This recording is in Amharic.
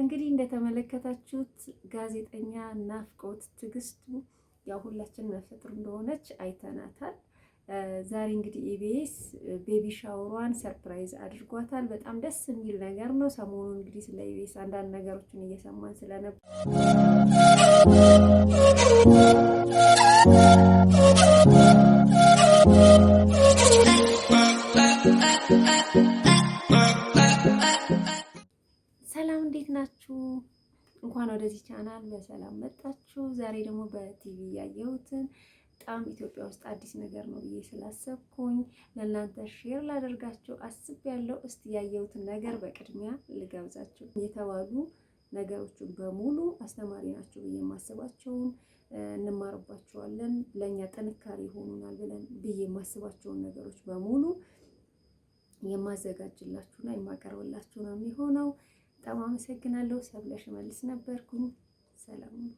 እንግዲህ እንደተመለከታችሁት ጋዜጠኛ ናፍቆት ትዕግስቱ ያው ሁላችንም ነፍሰ እንደሆነች አይተናታል። ዛሬ እንግዲህ ኢቢኤስ ቤቢ ሻወሯን ሰርፕራይዝ አድርጓታል። በጣም ደስ የሚል ነገር ነው። ሰሞኑን እንግዲህ ስለ ኢቢኤስ አንዳንድ ነገሮችን እየሰማን ስለነበር Thank you. ሰላም እንዴት ናችሁ? እንኳን ወደዚህ ቻናል በሰላም መጣችሁ። ዛሬ ደግሞ በቲቪ ያየሁትን በጣም ኢትዮጵያ ውስጥ አዲስ ነገር ነው ብዬ ስላሰብኩኝ ለእናንተ ሼር ላደርጋችሁ አስቤያለሁ። እስቲ ያየሁትን ነገር በቅድሚያ ልጋብዛችሁ። የተባሉ ነገሮችን በሙሉ አስተማሪ ናቸው ብዬ የማስባቸውን እንማርባቸዋለን፣ ለእኛ ጥንካሬ ይሆኑናል ብለን ብዬ የማስባቸውን ነገሮች በሙሉ የማዘጋጅላችሁና የማቀርብላችሁ ነው የሚሆነው። በጣም አመሰግናለሁ። ሰብለሽ መልስ ነበርኩኝ። ሰላም